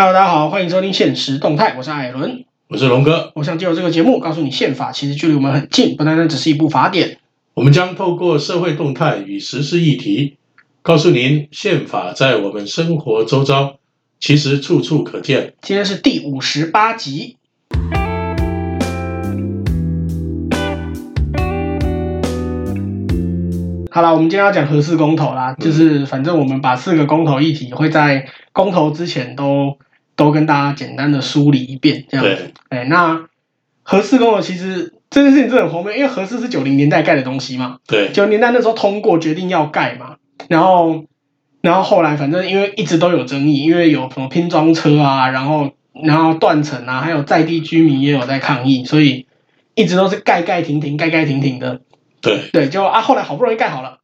Hello，大家好，歡迎收聽現實動態，我是艾倫，我是龍哥。我想藉由這個節目，告訴你憲法其實距離我們很近，不單單只是一部法典。我們將透過社會動態與實施議題，告訴您憲法在我們生活周遭其實處處可見。今天是第五十八集。嗯、好啦，我們今天要講核四公投啦，就是反正我們把四個公投議題會在公投之前都，都跟大家簡單的梳理一遍，這樣子。對哎，那核四工的其實這件事你真的很荒謬，因為核四是九零年代蓋的東西嘛。對，九零年代那時候通過決定要蓋嘛，然後，然後後來反正因為一直都有爭議，因為有什麼拼裝車啊，然後，然後斷層啊，還有在地居民也有在抗議，所以一直都是蓋蓋停停，蓋蓋停停的。對，對，就啊，後來好不容易蓋好了，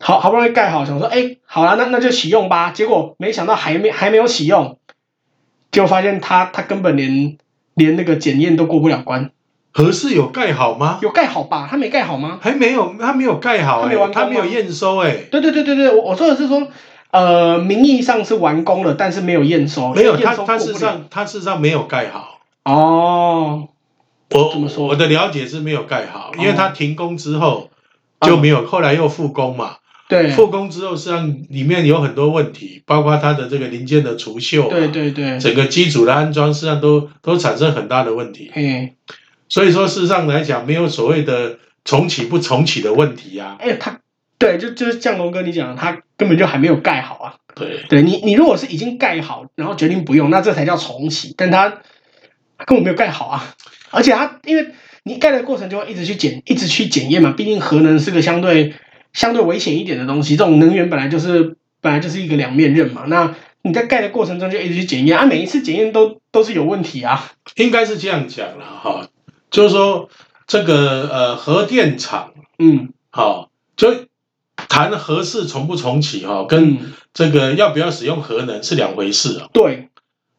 好好不容易蓋好，想說哎，好了，那那就啟用吧。結果沒想到還沒還沒有啟用。就發現他他根本連連那個檢驗都過不了關，核四有蓋好嗎？有蓋好吧，他沒蓋好嗎？還沒有，他沒有蓋好。欸，他沒完工嗎？他沒有驗收哎，欸。對對對對對，我我說的是說，呃，名義上是完工了，但是沒有驗收。沒有，他他事實上他事實上沒有蓋好。哦，我怎麼說我？我的了解是沒有蓋好，因為他停工之後，哦，就沒有，後來又復工嘛。復對工之後，實際上裡面有很多問題，包括它的這個零件的除鏽，啊，對對對，整個機組的安裝，實際上都都產生很大的問題。嗯嘿，所以說事實上來講，沒有所謂的重啟不重啟的問題呀，啊。哎，它對，就就是降龍哥你講，它根本就還沒有蓋好啊。對，對你你如果是已經蓋好，然後決定不用，那這才叫重啟。但它根本沒有蓋好啊，而且它，因為你蓋的過程就要一直去檢，一直去檢驗嘛，畢竟核能是個相對。相對危險一點的東西，這種能源本來就是本來就是一個兩面刃嘛。那你在蓋的過程中就一直去檢驗啊，每一次檢驗都都是有問題啊。應該是這樣講了哈、哦，就是說這個呃核電廠，嗯，好、哦，就談核四重不重啟哈、哦，跟這個要不要使用核能是兩回事啊。嗯哦、對，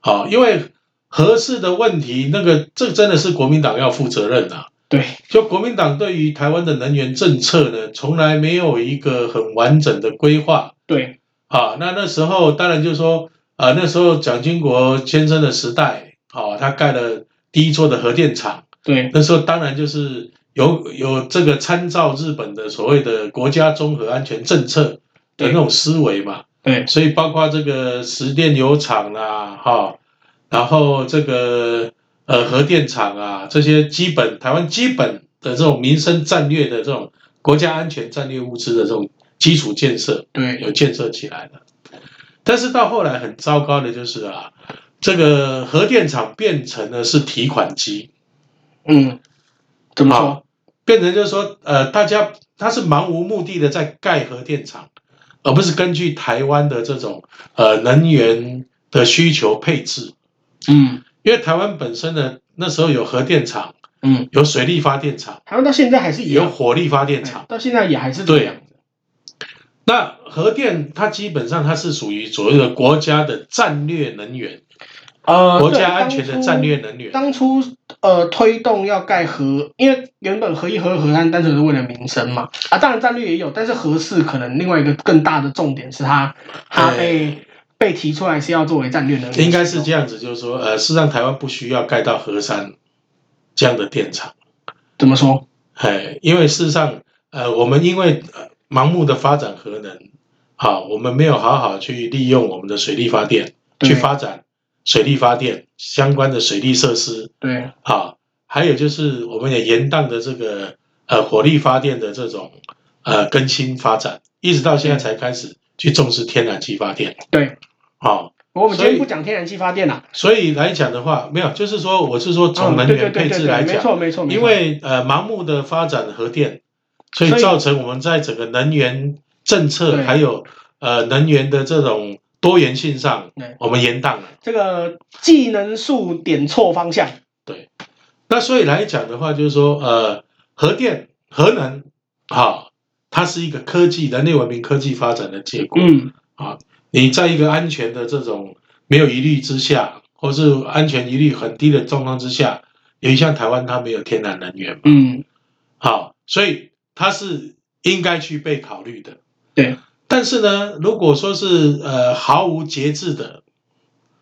好，因為核四的問題，那個這真的是國民黨要負責任的、啊。對，就國民黨對於台灣的能源政策呢，從來沒有一個很完整的規劃。對，啊，那那時候當然就是說，啊、呃，那時候蔣經國先生的時代，哦、啊，他蓋了第一座的核電廠。對，那時候當然就是有有這個參照日本的所謂的國家綜合安全政策的那種思維嘛。對，對所以包括這個石電油廠啊，哈、啊，然後這個。呃，核電廠啊，這些基本台灣基本的這種民生戰略的這種國家安全戰略物資的這種基礎建設，對，有建設起來的。但是到後來很糟糕的就是啊，這個核電廠變成了是提款機。嗯，怎麼說？啊，變成就是說，呃，大家它是漫無目的的在蓋核電廠，而不是根據台灣的這種呃能源的需求配置。嗯。因為台灣本身呢，那時候有核電廠，嗯，有水力發電廠，台灣到現在還是有火力發電廠，嗯，到現在也還是這樣對。那核電它基本上它是屬於左右的國家的戰略能源，呃、嗯，國家安全的戰略能源。啊、當初，當初，當初呃推動要蓋核，因為原本核一核二核三單單純是為了民生嘛，啊當然戰略也有，但是核四可能另外一個更大的重點是它它被。被提出來是要作為戰略的，應該是這樣子，就是說，呃，事實上台灣不需要蓋到核三這樣的電廠，怎麼說？哎，因為事實上，呃，我們因為盲目的發展核能，好、哦，我們沒有好好去利用我們的水力發電，對去發展水力發電相關的水利設施，對，好、哦，還有就是我們也延宕的這個呃火力發電的這種呃更新發展，一直到現在才開始。去重視天然氣發電，對，好、哦，我們先不講天然氣發電了、啊。所以來講的話，沒有，就是說，我是說從能源配置來講，沒錯、哦、沒錯，沒錯因為錯呃，盲目的發展核電，所以造成我們在整個能源政策以還有呃能源的這種多元性上，對我們延宕了。這個技能樹點錯方向，對。那所以來講的話，就是說呃，核電、核能，好、哦。它是一個科技人類文明科技發展的結果。嗯、啊、哦，你在一個安全的這種沒有疑慮之下，或是安全疑慮很低的狀況之下，也像台灣它沒有天然能源嘛。嗯，好、哦，所以它是應該去被考慮的。對，但是呢，如果說是呃毫無節制的、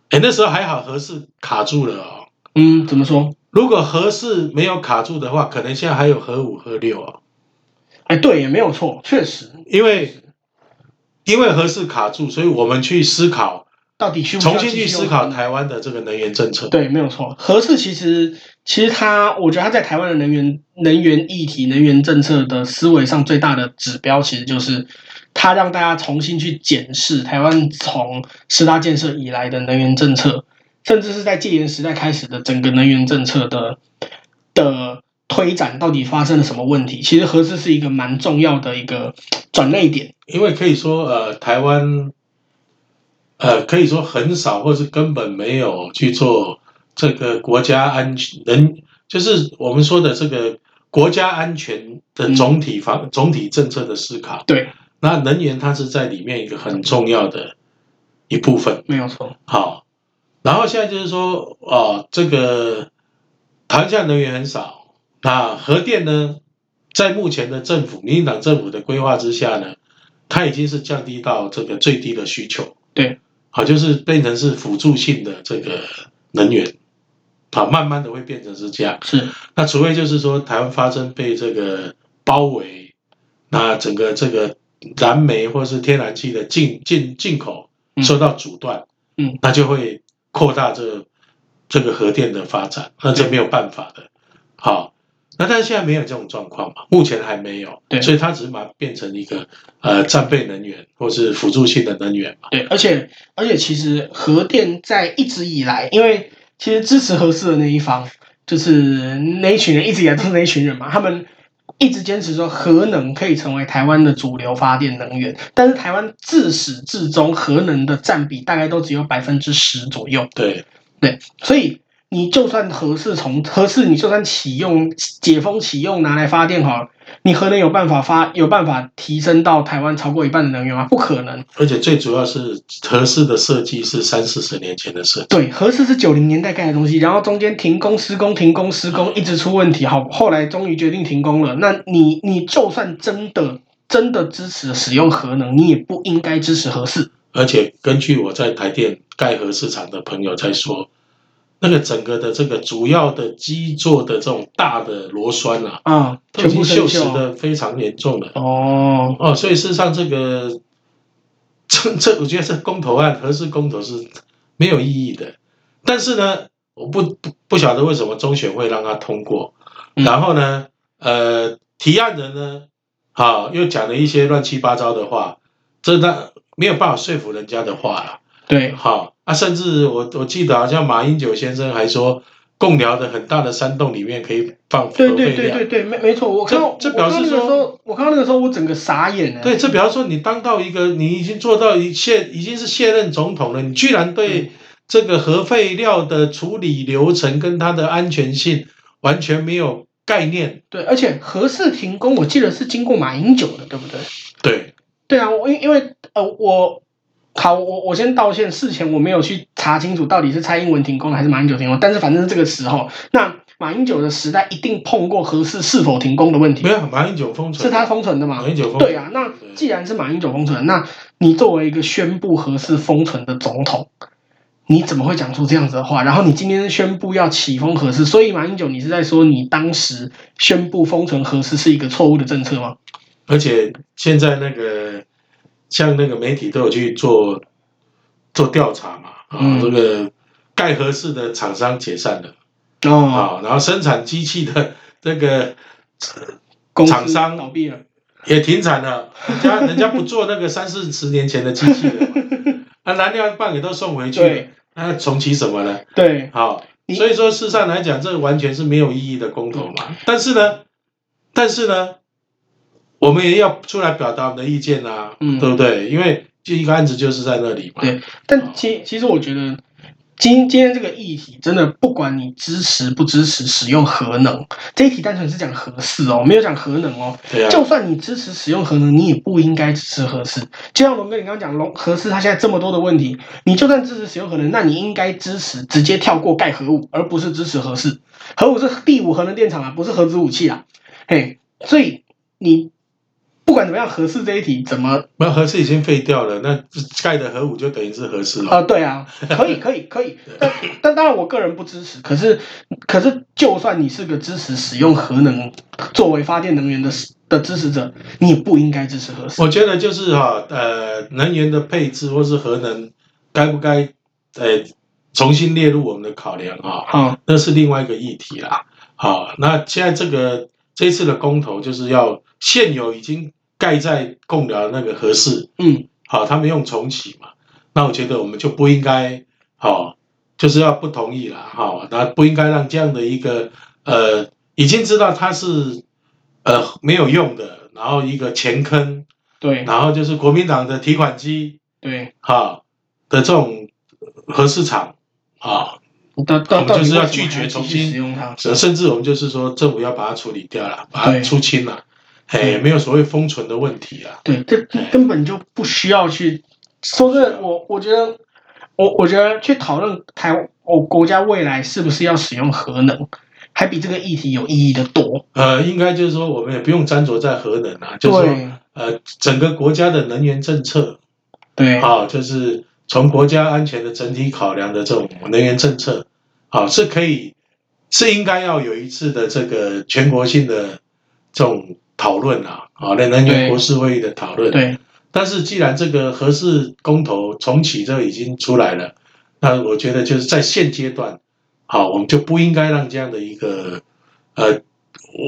欸，那時候還好核四卡住了哦。嗯，怎麼說？如果核四沒有卡住的話，可能現在還有核五、核六哦哎，對，也沒有錯，確實，因為實因為核四卡住，所以我們去思考到底去重新去思考台灣的這個能源政策。對，沒有錯，核四其實其實它，我覺得它在台灣的能源能源議題、能源政策的思維上最大的指標，其實就是它讓大家重新去檢視台灣從十大建設以來的能源政策，甚至是在戒嚴時代開始的整個能源政策的的。推展到底發生了什麼問題？其實核四是一個蠻重要的一個轉捩點，因為可以說，呃，台灣，呃，可以說很少，或是根本沒有去做這個國家安全人，就是我們說的這個國家安全的總體方、嗯、總體政策的思考。對，那能源它是在裡面一個很重要的，一部分。嗯、沒有錯。好，然後現在就是說，哦、呃，這個台下能源很少。那核電呢，在目前的政府、民進黨政府的規劃之下呢，它已經是降低到這個最低的需求。對，好,就是變成是輔助性的這個能源，好，慢慢的會變成是這樣。是。那除非就是說台灣發生被這個包圍，那整個這個燃煤或是天然氣的進進進口受到阻斷，嗯，那就會擴大這個這個核電的發展，那這沒有辦法的。好。那但是現在沒有這種狀況嘛？目前還沒有，對，所以它只是把它變成一個呃戰備能源或是輔助性的能源嘛。對，而且而且其實核電在一直以來，因為其實支持核四的那一方就是那一群人，一直以來都是那一群人嘛。他們一直堅持說核能可以成為台灣的主流發電能源，但是台灣自始至終核能的佔比大概都只有百分之十左右。對對，所以。你就算核四重核四，你就算啟用解封啟用拿來發電好了，你核能有辦法發有辦法提升到台灣超過一半的能源嗎？不可能。而且最主要是核四的設計是三四十年前的設計，對，核四是九零年代蓋的東西，然後中間停工施工停工施工一直出問題，好，後來終於決定停工了。那你你就算真的真的支持使用核能，你也不應該支持核四。而且根據我在台電蓋核四廠的朋友在說。那個整個的這個主要的基座的這種大的螺栓啊，啊全部鏽蝕的非常嚴重了。哦哦，所以事實上這個這這，我覺得是公投案，合是公投是沒有意義的。但是呢，我不不不曉得為什麼中選會讓他通過。嗯、然後呢，呃，提案人呢，好又講了一些亂七八糟的話，這那沒有辦法說服人家的話了、啊。對，好。啊，甚至我我記得好像馬英九先生還說，貢寮的很大的山洞裡面可以放核廢料。對對對對對，沒沒錯，我看到這這表示說，我看剛剛那個時候我整個傻眼了。對，這表示說你當到一個你已經做到一卸，已經是卸任總統了，你居然對這個核廢料的處理流程跟它的安全性完全沒有概念。對，而且核四停工，我記得是經過馬英九的，對不對？對。對啊，我因因為呃我。好，我我先道歉。事前我沒有去查清楚到底是蔡英文停工了還是馬英九停工，但是反正是這個時候，那馬英九的時代一定碰過核四是否停工的問題。沒有，馬英九封存是他封存的嗎？馬英九封存。對啊，那既然是馬英九封存，那你作為一個宣布核四封存的總統，你怎麼會講出這樣子的話？然後你今天宣布要起封核四，所以馬英九，你是在說你當時宣布封存核四是一個錯誤的政策嗎？而且現在那個。像那個媒體都有去做做調查嘛，啊、嗯哦，這個蓋核四的廠商解散了，哦哦、然後生產機器的那個廠商倒閉了，也停產了，人家人家不做那個三四十年前的機器了， 啊，燃料棒也都送回去那對、啊、重啟什麼呢？對，好，所以說事實上來講，這個、完全是沒有意義的公投嘛。嗯、但是呢，但是呢。我們也要出來表達我們的意見吶、啊，嗯、對不對？因為就一個案子就是在那裡嘛。對，但其其實我覺得今今天這個議題真的不管你支持不支持使用核能，這一題單純是講核四哦，沒有講核能哦。對啊。就算你支持使用核能，你也不應該支持核四。就像龍哥你剛剛講龍核四，他現在這麼多的問題，你就算支持使用核能，那你應該支持直接跳過蓋核五，而不是支持核四。核五是第五核能電廠啊，不是核子武器啊。嘿，所以你。不管怎麼樣，核四這一題怎麼？核四已經廢掉了，那蓋的核五就等於是核四了。啊、呃，對啊，可以，可以，可以。 對 但，但當然，我個人不支持。可是，可是，就算你是個支持使用核能作為發電能源的的支持者，你也不應該支持核四。我覺得就是哈，呃，能源的配置或是核能該不該再、呃、重新列入我們的考量啊？啊、哦，那、嗯、是另外一個議題啦。好、哦，那現在這個這次的公投就是要現有已經蓋在貢寮那個核四。嗯，好，他們用重啟嘛，那我覺得我們就不應該，好、哦，就是要不同意了，好、哦，那不應該讓這樣的一個呃，已經知道它是呃沒有用的，然後一個錢坑，對，然後就是國民黨的提款機，對，哈、哦、的這種核四廠，啊、哦，我們就是要拒絕重新使用它，甚至我們就是說政府要把它處理掉了，對把它出清了。哎，hey, 對沒有所謂封存的問題啊。對，這根本就不需要去對說真的，我我覺得，我我覺得去討論台灣我國家未來是不是要使用核能，還比這個議題有意義得多。呃，應該就是說，我們也不用斟酌在核能啊，對就是說，呃，整個國家的能源政策，對，好、哦，就是從國家安全的整體考量的這種能源政策，好對、哦、是可以，是應該要有一次的這個全國性的這種。討論啊，好、哦，那能源國是會議的討論。對。但是既然這個核四公投重啟這已經出來了，那我覺得就是在現階段，好、哦，我們就不應該讓這樣的一個呃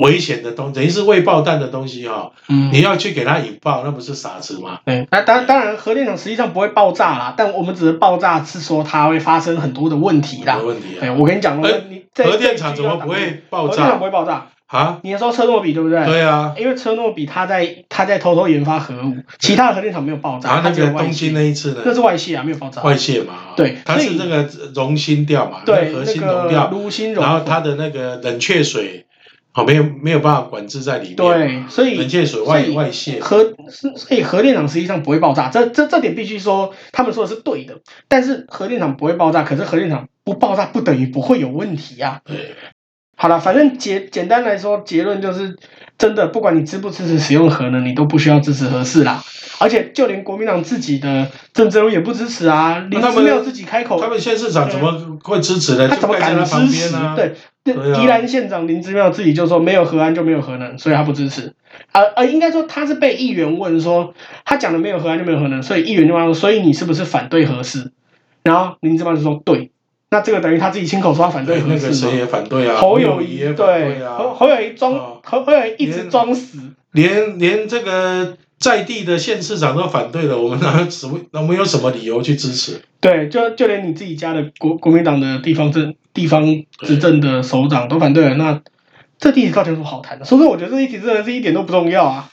危險的東西，等於是未爆彈的東西哈、哦。你要去給它引爆，嗯、那不是傻子嗎？那當、啊、當然，核電廠實際上不會爆炸啦，但我們只是爆炸是說它會發生很多的問題啦。問題啊。對，我跟你講、欸、核電廠怎麼不會爆炸？不會爆炸。啊！你要說車諾比對不對？對啊，因為車諾比他在他在偷偷研發核武，其他核電廠沒有爆炸，那個東京那一次那是外洩啊，沒有爆炸。外洩嘛，對，它是這個熔芯掉嘛，對，那核心熔掉，然後它的那個冷卻水，哦，沒有沒有辦法管制在裡面，對，所以冷卻水外外洩，核是所以核電廠實際上不會爆炸，這這這點必須說，他們說的是對的。但是核電廠不會爆炸，可是核電廠不爆炸不等於不會有問題呀。好了，反正結簡單來說，結論就是真的，不管你支不支持使用核能，你都不需要支持核四啦。而且就連國民黨自己的政治人物也不支持啊，林姿妙自己開口，他們縣市長怎麼會支持呢？嗯、他怎麼敢在他支持呢？對，啊、對，宜蘭縣長林姿妙自己就說沒有核安就沒有核能，所以他不支持。而、呃、而應該說他是被議員問說他講的沒有核安就沒有核能，所以議員就問說，所以你是不是反對核四？然後林姿妙就說對。那這個等於他自己親口說他反對的，哎，那個誰也反對啊，侯友宜對、啊、對，啊，侯友宜裝，哦、侯友宜一直裝死，連連、連這個在地的縣市長都反對了，我們哪什，我們有什麼理由去支持？對，就就連你自己家的國國民黨的地方政地方執政的首長都反對了，對，那這議題到底有什麼好談的？所以我覺得這一題真的是一點都不重要啊。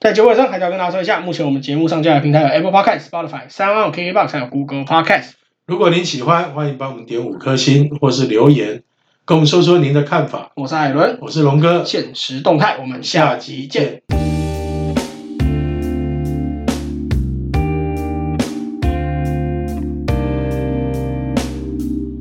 在結尾上還要跟大家說一下，目前我們節目上架的平台有 Apple Podcast, Podcast、Spotify、三二 KKBOX，還有 Google Podcast，如果您喜歡，歡迎幫我們點五顆星，或是留言跟我們說說您的看法。我是艾倫，我是龍哥，限時動態，我們下集見。